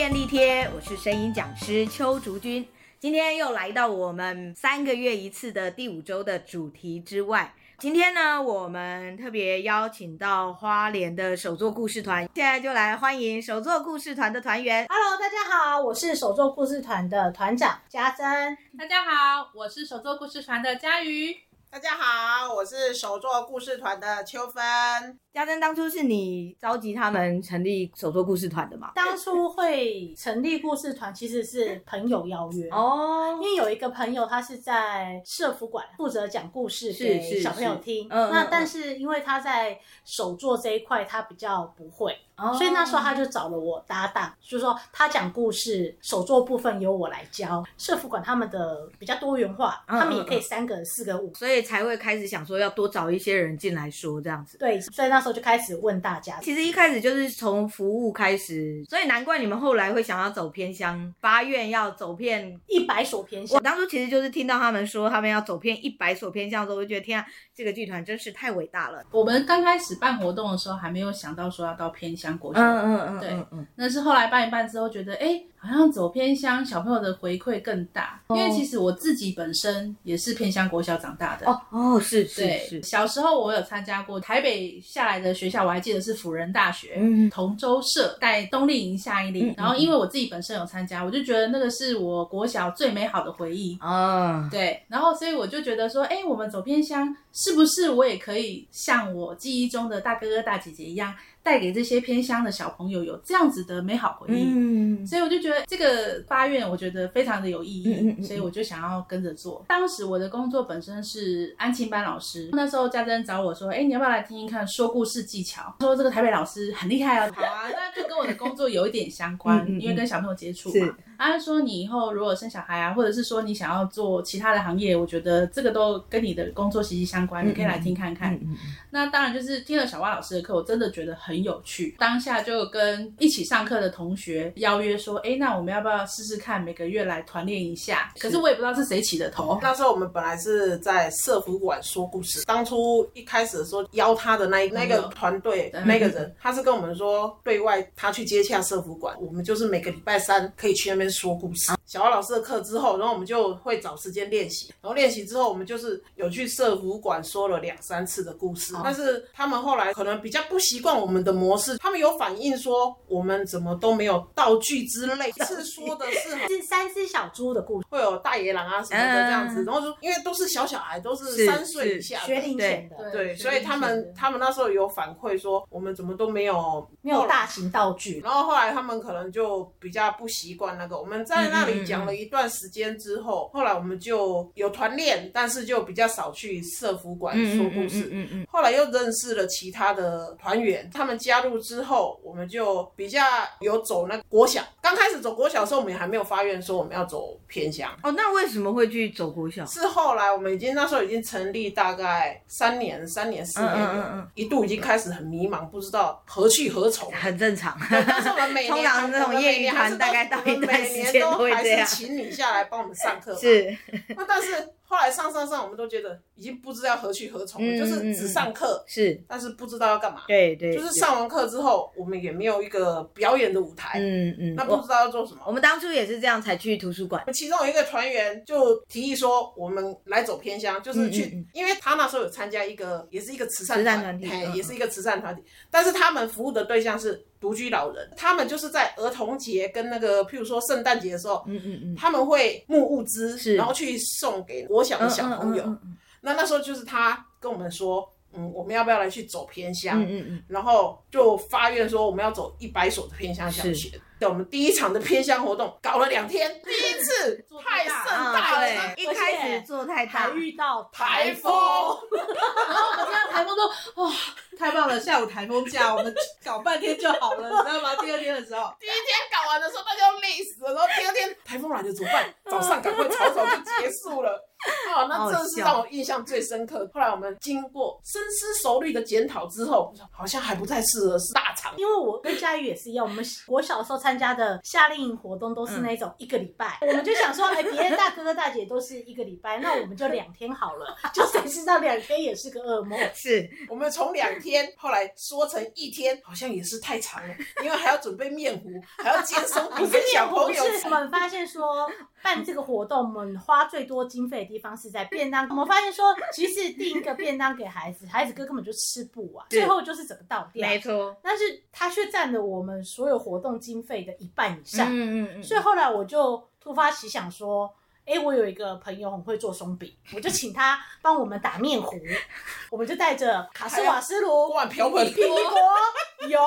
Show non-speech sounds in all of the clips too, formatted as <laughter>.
便利貼，我是聲音講師邱竹君，今天又來到我們三個月一次的第五周的主題之外。今天呢，我們特別邀請到花蓮的手作故事團，現在就來歡迎手作故事團的團員。Hello，大家好，我是手作故事團的團長嘉真。大家好，我是手作故事團的家瑜。大家好，我是手作故事團的秋芬。嘉真，當初是你召集他們成立手作故事團的嗎？當初會成立故事團，其實是朋友邀約、嗯、哦。因為有一個朋友，他是在社福館負責講故事給小朋友聽。那但是因為他在手作這一塊，他比較不會。所以那時候他就找了我搭檔，就是說他講故事，手作部分由我來教。社服管，他們的比較多元化，他們也可以三個、四個五、五、嗯嗯嗯，所以才會開始想說要多找一些人進來說這樣子。對，所以那時候就開始問大家。其實一開始就是從服務開始，所以難怪你們後來會想要走偏鄉，發願要走遍一百所偏鄉。我當初其實就是聽到他們說他們要走遍一百所偏鄉的時候，我就覺得天啊，這個劇團真是太偉大了。我們剛開始辦活動的時候還沒有想到說要到偏鄉。國嗯嗯嗯，對，嗯那是後來辦一辦之後，覺得哎、欸，好像走偏鄉小朋友的回饋更大，因為其實我自己本身也是偏鄉國小長大的。哦哦，是是是。小時候我有參加過台北下來的學校，我還記得是輔仁大學，嗯，同州社帶冬令營夏令營，然後因為我自己本身有參加，我就覺得那個是我國小最美好的回憶哦、嗯，對，然後所以我就覺得說，哎、欸，我們走偏鄉，是不是我也可以像我記憶中的大哥哥大姐姐一樣？帶給這些偏鄉的小朋友有這樣子的美好回憶、嗯，所以我就覺得這個發願，我覺得非常的有意義，嗯嗯嗯、所以我就想要跟着做。當時我的工作本身是安親班老師，那時候嘉真找我說：“哎、欸，你要不要來聽一看說故事技巧？說這個台北老師很厲害啊。”好啊，那就跟我的工作有一點相關，嗯、因為跟小朋友接觸嘛。然後、啊、說你以後如果生小孩啊，或者是說你想要做其他的行業，我覺得這個都跟你的工作息息相關，你可以來聽看看。嗯嗯嗯、那當然就是聽了小蛙老師的課，我真的覺得很很有趣，當下就跟一起上課的同學邀約說，哎，那我們要不要試試看每個月來團練一下？可是我也不知道是誰起的頭。那時候我們本來是在社服館說故事，當初一開始說邀他的那一個那一個團隊、uh -huh. 那個人，他是跟我們說對外他去接洽社服館，uh -huh. 我們就是每個禮拜三可以去那邊說故事。Uh -huh. 小蛙老師的課之後，然後我們就會找時間練習，然後練習之後我們就是有去社服館說了兩三次的故事，uh -huh. 但是他們後來可能比較不習慣我們的模式，他們有反映說我們怎麼都沒有道具之類，是說的是 <laughs> 是三隻小豬的故事，會有大野狼啊什麼的這樣子，然後說，因為都是小小孩，都是三歲以下，學齡前的，對，所以他們他們那時候有反饋說我們怎麼都沒有沒有大型道具，然後後來他們可能就比較不習慣那個，我們在那裡講了一段時間之後嗯嗯嗯，後來我們就有團練，但是就比較少去社服館說故事，嗯嗯，嗯，嗯，嗯嗯，後來又認識了其他的團員，他們。加入之後，我們就比較有走那個國小。剛開始走國小的時候，我們也還沒有發願說我們要走偏鄉哦。那為什麼會去走國小？是後來我們已經那時候已經成立大概三年、三年四年、嗯嗯嗯、一度已經開始很迷茫，嗯、不知道何去何從，很正常。但是我們每年，通常這種業餘團大概大每年都還是請你下來幫我們上課是。那但是。後來上上上，我們都覺得已經不知道何去何從了，了、嗯嗯嗯，就是只上課，是，但是不知道要幹嘛。對對，對，就是上完課之後對對，我們也沒有一個表演的舞台。嗯嗯，那不知道要做什麼。我，我，我們當初也是這樣才去圖書館。其中有一個團員就提議說，我們來走偏鄉，就是去嗯嗯嗯，因為他那時候有參加一個，也是一個慈善團體，慈善團體嗯嗯，也是一個慈善團體嗯嗯，但是他們服務的對象是。獨居老人，他們就是在兒童節跟那個，譬如說聖誕節的時候、嗯嗯嗯，他們會募物資，然後去送給國小的小朋友、嗯嗯嗯嗯。那那時候就是他跟我們說。嗯，我們要不要來去走偏鄉？嗯嗯嗯，然後就發願說，我們要走一百所的偏鄉小學。對，在我們第一場的偏鄉活動，搞了兩天，第一次 <laughs> 做太，太盛大了，啊、一開始做太大，還遇到台風，台風 <laughs> 然後我們遇到台風說，哇，哦，太棒了，下午台風假，我們搞半天就好了，你知道嗎？第二天的時候， <laughs> 第一天。的時候大家都累死了，然後第二天颱風來了怎麼辦？早上趕快吵吵就結束了，好、啊，那真是讓我印象最深刻。後來我們經過深思熟慮的檢討之後，好像還不太適合是大長，因為我跟家瑜也是一樣，我們國小的時候參加的夏令營活動都是那種一個禮拜、嗯，我們就想說，哎、欸，別人大哥哥大姐都是一個禮拜，那我們就兩天好了，就誰知道兩天也是個噩夢，是，我們從兩天後來說成一天，好像也是太長了，因為還要準備面糊，還要接。啊、不是小朋友是，是我們發現說，辦這個活動，我們花最多經費的地方是在便當。我 <laughs> 們發現說，其實訂一個便當給孩子， <laughs> 孩子哥，根本就吃不完，最後就是整個倒掉。沒錯，但是他卻佔了我們所有活動經費的一半以上。嗯嗯嗯。所以後來我就突發奇想說，哎、 <laughs> 欸，我有一個朋友很會做鬆餅，我就請他幫我們打麵糊， <laughs> 我們就帶着卡式瓦斯爐、碗瓢盆。有。 <laughs>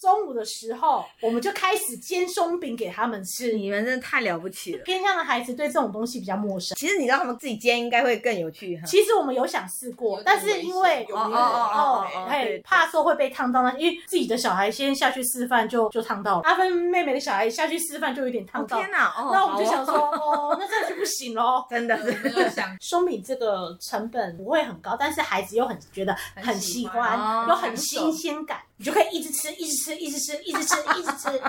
中午的時候，我們就開始煎鬆餅給他們吃。你們真的太了不起了！偏鄉的孩子對這種東西比較陌生。其實你知道，他們自己煎應該會更有趣。其實我們有想試過，但是因為有有哦哦，哦，哦，哦對對對，怕說會被燙到，因為自己的小孩先下去示範就就燙到了。阿芬妹妹的小孩下去示範就有點燙到了，哦。天哪！那，哦，我們就想說，啊，哦，那這樣就不行嘍。真的是，真的想鬆餅這個成本不會很高，但是孩子又很覺得很喜歡，又很，哦、很新鮮感。你就可以一直吃，一直吃，一直吃，一直吃，一直吃。 <laughs>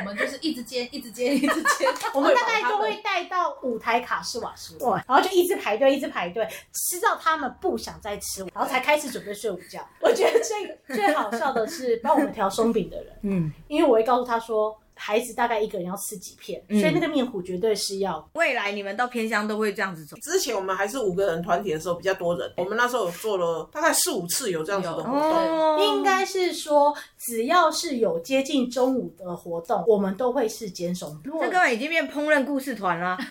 我們就是一直煎，一直煎，一直煎。 <laughs> 我們大概就會帶到五台卡式瓦斯， <laughs> 哇，然後就一直排隊，一直排隊，吃到他們不想再吃，然後才開始準備睡午覺。 <laughs> 我覺得最 <laughs> 最好笑的是幫我們調鬆餅的人，嗯，因為我會告訴他說。孩子大概一個人要吃幾片，嗯，所以那個麵糊絕對是要。未來你們到偏鄉都會這樣子做。之前我們還是五個人團體的時候，比較多人，我們那時候有做了大概四五次有這樣子的活動。哦、應該是說，只要是有接近中午的活動，我們都會是減手。這根本已經變烹飪故事團了。 <laughs>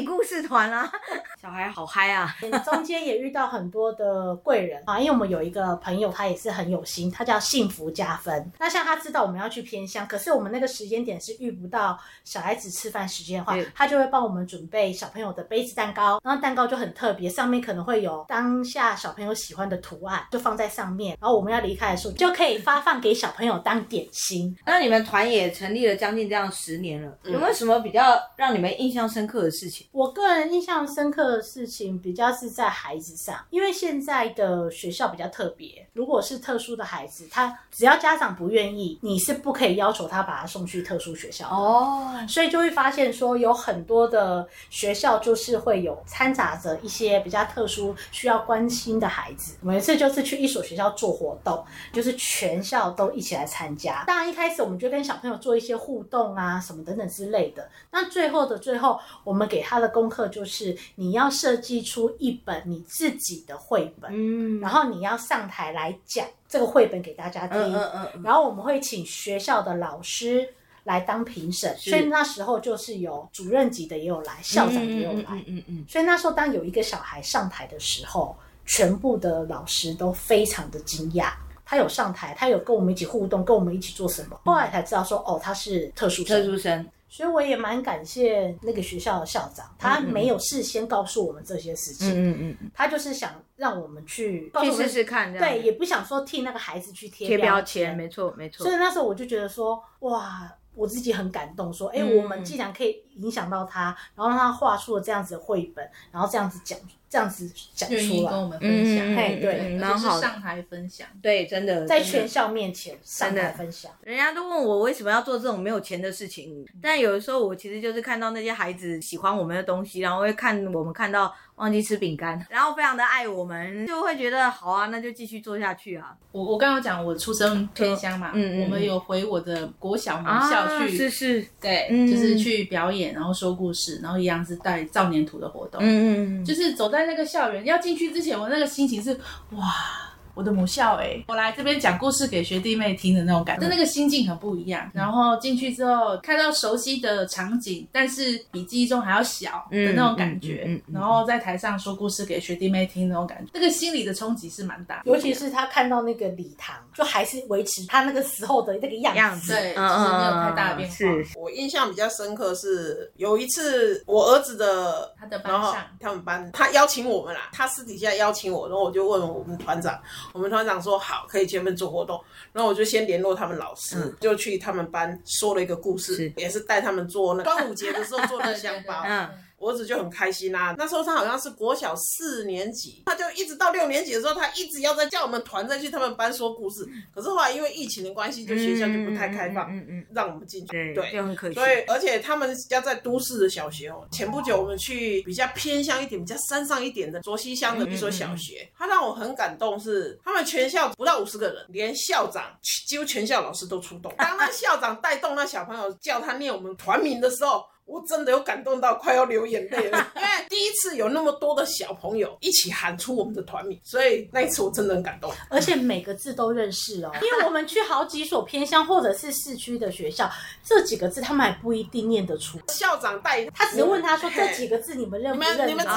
故事團啦，小孩好嗨啊！中間也遇到很多的貴人啊，因為我們有一個朋友，他也是很有心，他叫幸福加分。那像他知道我們要去偏鄉，可是我們那個時間點是遇不到小孩子吃飯時間的話，他就會幫我們準備小朋友的杯子蛋糕，然後蛋糕就很特別，上面可能會有當下小朋友喜歡的圖案，就放在上面。然後我們要離開的時候，就可以發放給小朋友當點心。那你們團也成立了將近這樣十年了，嗯、有沒有什麼比較讓你們印象深刻的事情？我個人印象深刻的事情，比較是在孩子上，因為現在的學校比較特別，如果是特殊的孩子，他只要家長不願意，你是不可以要求他把他送去特殊學校的哦，oh, 所以就會發現說，有很多的學校就是會有摻雜着一些比較特殊需要關心的孩子。每次就是去一所學校做活動，就是全校都一起來參加。當然一開始我們就跟小朋友做一些互動啊，什麼等等之類的。那最後的最後，我們給。他的功課就是你要設計出一本你自己的繪本，嗯、然後你要上台來講這個繪本給大家聽，嗯嗯嗯、然後我們會請學校的老師來當評審，所以那時候就是有主任級的也有來，嗯、校長也有來，嗯嗯、嗯、嗯，所以那時候當有一個小孩上台的時候，全部的老師都非常的驚訝，他有上台，他有跟我們一起互動，嗯、跟我們一起做什麼？後來才知道說，哦，他是特殊生，特殊生。所以我也蠻感謝那個學校的校長，他沒有事先告訴我們這些事情，嗯嗯嗯，他就是想讓我們去告訴我們去試試看這樣，對，也不想說替那個孩子去貼標籤，沒錯沒錯。所以那時候我就覺得說，哇，我自己很感動，說，哎、欸，我們既然可以影響到他，然後讓他畫出了這樣子的繪本，然後這樣子講。這樣子講出來，跟我們分享，嗯嗯嗯，對，嗯、然後、就是、上台分享，對，真的在全校面前上台分享，人家都問我為什麼要做這種沒有錢的事情，嗯，但有的時候我其實就是看到那些孩子喜歡我們的東西，然後會看我們看到忘記吃餅乾，然後非常的愛我們，就會覺得好啊，那就繼續做下去啊。我我剛剛講我出生偏鄉嘛，嗯，嗯我們有回我的國小母校去，啊，是是，對、嗯，就是去表演，然後說故事，然後一樣是帶造黏土的活動，嗯嗯，嗯，就是走在。在那個校園要進去之前，我那個心情是哇。我的母校哎、欸，我來這邊講故事給學弟妹聽的那種感覺，就那個心境很不一樣。然後進去之後看到熟悉的場景，但是比記憶中還要小的那種感覺。然後在台上說故事給學弟妹聽的那種感覺，那個心理的衝擊是蠻大。尤其是他看到那個禮堂，就還是維持他那個時候的那個樣子，對，就是沒有太大的變化、嗯。嗯嗯嗯嗯、我印象比較深刻是有一次我兒子的，他的班上，他們班他邀請我們啦，他私底下邀請我，然後我就問我們團長。我們團長說，好，可以前面做活動，然後我就先聯絡他們老師，嗯、就去他們班說了一個故事，是也是帶他們做那個、端午 <laughs> 節的時候做那個香包。 <laughs> <laughs> <laughs> 我兒子就很開心啦、啊。那時候他好像是國小四年級，他就一直到六年級的時候，他一直要再叫我們團再去他們班說故事。可是後來因為疫情的關係，就學校就不太開放，嗯嗯，讓我們進去、嗯，對，這樣很可惜。所以而且他們家在都市的小學哦、喔。前不久我們去比較偏鄉一點、比較山上一點的卓溪鄉的一所小學，他、嗯嗯嗯、讓我很感動是，是他們全校不到五十個人，連校長幾乎全校老師都出動。 <laughs> 當那校長帶動那小朋友叫他念我們團名的時候。我真的有感動到快要流眼淚了，因為第一次有那麼多的小朋友一起喊出我們的團名，所以那一次我真的很感動。而且每個字都認識哦， <laughs> 因為我們去好幾所偏鄉或者是市區的學校，這幾個字他們還不一定念得出。校長帶他只問他說：“這幾個字你們認不認得？”你們認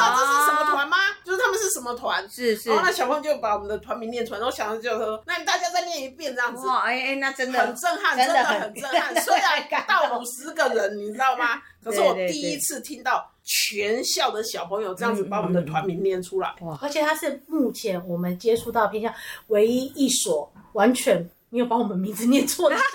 什麼團是是，哦？那小朋友就把我們的團名念出來，然後想着就說：“那你大家再念一遍這樣子。”哦，哎、欸、哎、欸，那真的很震撼，真的很震撼。震撼雖然到五十個人， <laughs> 你知道嗎？可是我第一次聽到全校的小朋友這樣子把我們的團名念出來，嗯嗯嗯哇，而且他是目前我們接觸到的偏鄉唯一一所完全沒有把我們名字念錯的。 <laughs>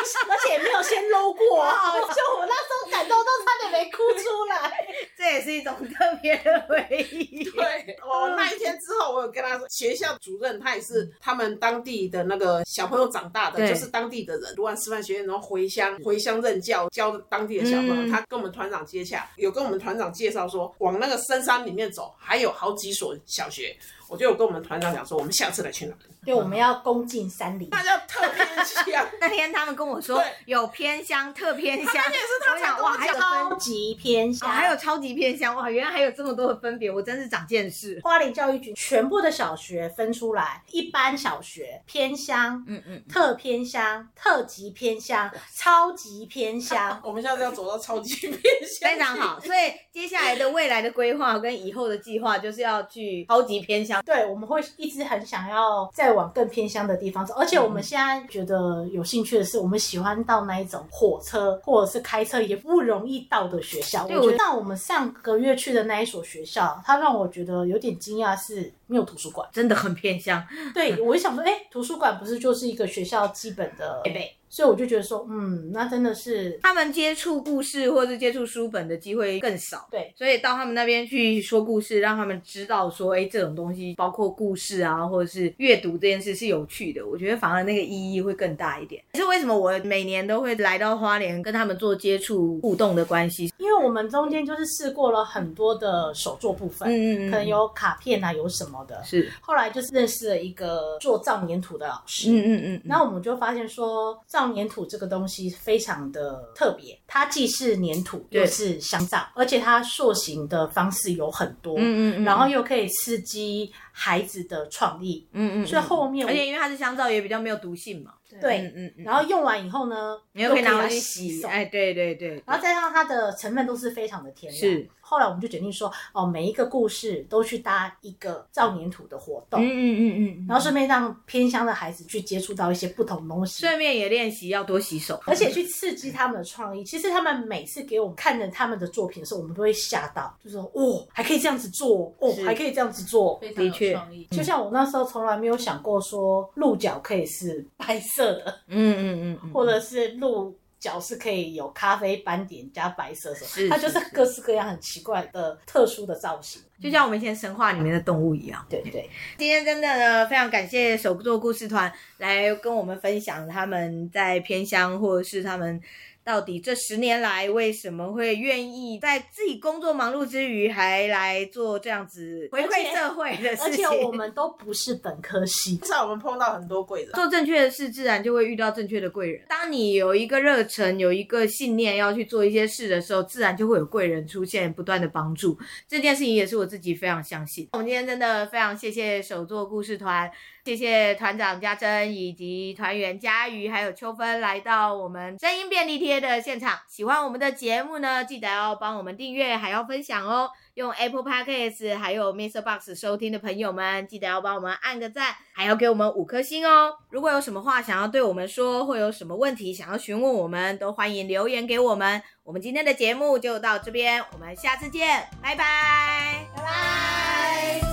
<laughs> 而且也沒有先摟過啊， <laughs> 就我那時候感動都差點沒哭出來。這也是一種特別的回憶。 <laughs> 對，我那一天之後，我有跟他說，學校主任他也是他們當地的那個小朋友長大的，就是當地的人，讀完師範學院然後回鄉回鄉任教，教當地的小朋友。嗯，他跟我們團長接洽，有跟我們團長介紹說，往那個深山裡面走，還有好幾所小學。我就有跟我們團長講說，我們下次來去哪裡？對，我們要攻進山裡。那叫特偏鄉。那天他們跟我說有偏鄉、特偏鄉，而且是他才哇，還有分級、哦，還有超級偏鄉，還有超級偏鄉。哇，原來還有這麼多的分別，我真是長見識。花蓮教育局全部的小學分出來，一般小學、偏鄉，嗯嗯，特偏鄉、特級偏鄉、超級偏鄉。我們下次要走到超級偏鄉。非常好，所以接下來的未來的規劃跟以後的計劃就是要去超級偏鄉。嗯嗯對，我們會一直很想要再往更偏鄉的地方走，而且我們現在覺得有興趣的是，我們喜歡到那一種火車或者是開車也不容易到的學校。對，我像我們上個月去的那一所學校，它讓我覺得有點驚訝，是沒有圖書館，真的很偏鄉。 <laughs> 對我就想說，哎，圖書館不是就是一個學校基本的配備？所以我就覺得說，嗯，那真的是他們接觸故事或是接觸書本的機會更少。對，所以到他們那邊去說故事，讓他們知道說，哎，這種東西包括故事啊，或者是閱讀這件事是有趣的。我覺得反而那個意義會更大一點。可是為什麼我每年都會來到花蓮跟他們做接觸互動的關係？因為我們中間就是試過了很多的手作部分，嗯嗯、嗯，可能有卡片啊，有什麼的，是。後來就是認識了一個做造黏土的老師，嗯嗯、嗯嗯嗯，那我們就發現說，造。粘土這個東西非常的特別。它既是粘土又是香皂，而且它塑形的方式有很多，嗯嗯嗯，然後又可以刺激孩子的創意，嗯嗯、嗯。所以後面，而且因為它是香皂，也比較沒有毒性嘛，對，嗯嗯、嗯。然後用完以後呢，你又可以拿來洗、洗手，哎，對對對。然後再讓它的成分都是非常的天然。是。後來我們就決定說，哦，每一個故事都去搭一個造粘土的活動，嗯嗯嗯嗯、嗯，然後順便讓偏鄉的孩子去接觸到一些不同東西，順便也練習要多洗手，而且去刺激他們的創意，嗯、其實。其實他們每次給我們看着他們的作品的時候，我們都會嚇到，就是說哦，還可以這樣子做，哦，還可以這樣子做，非常有創意，的確，就像我那時候從來沒有想過說，鹿角可以是白色的，嗯嗯嗯、嗯，或者是鹿角是可以有咖啡斑點加白色的，它就是各式各樣很奇怪的特殊的造型，就像我們以前神話裡面的動物一樣。嗯、對對對，今天真的呢非常感謝手作故事團來跟我們分享他們在偏鄉或者是他們。到底這十年來為什麼會願意在自己工作忙碌之餘還來做這樣子回饋社會的事情而？而且我們都不是本科系，至少我們碰到很多貴人。做正確的事，自然就會遇到正確的貴人。當你有一個熱忱、有一個信念，要去做一些事的時候，自然就會有貴人出現，不斷的幫助。這件事情也是我自己非常相信。我們今天真的非常謝謝手作故事團，謝謝團長嘉真，以及團員家瑜，還有秋芬來到我們聲音便利貼的現場。喜歡我們的節目呢，記得要幫我們訂閱，還要分享哦。用 Apple Podcasts 還有 Mr. Box 收聽的朋友們，記得要幫我們按個讚，還要給我們五顆星哦。如果有什麼話想要對我們說，或有什麼問題想要詢問我們，都歡迎留言給我們。我們今天的節目就到這邊，我們下次見，拜拜，拜拜。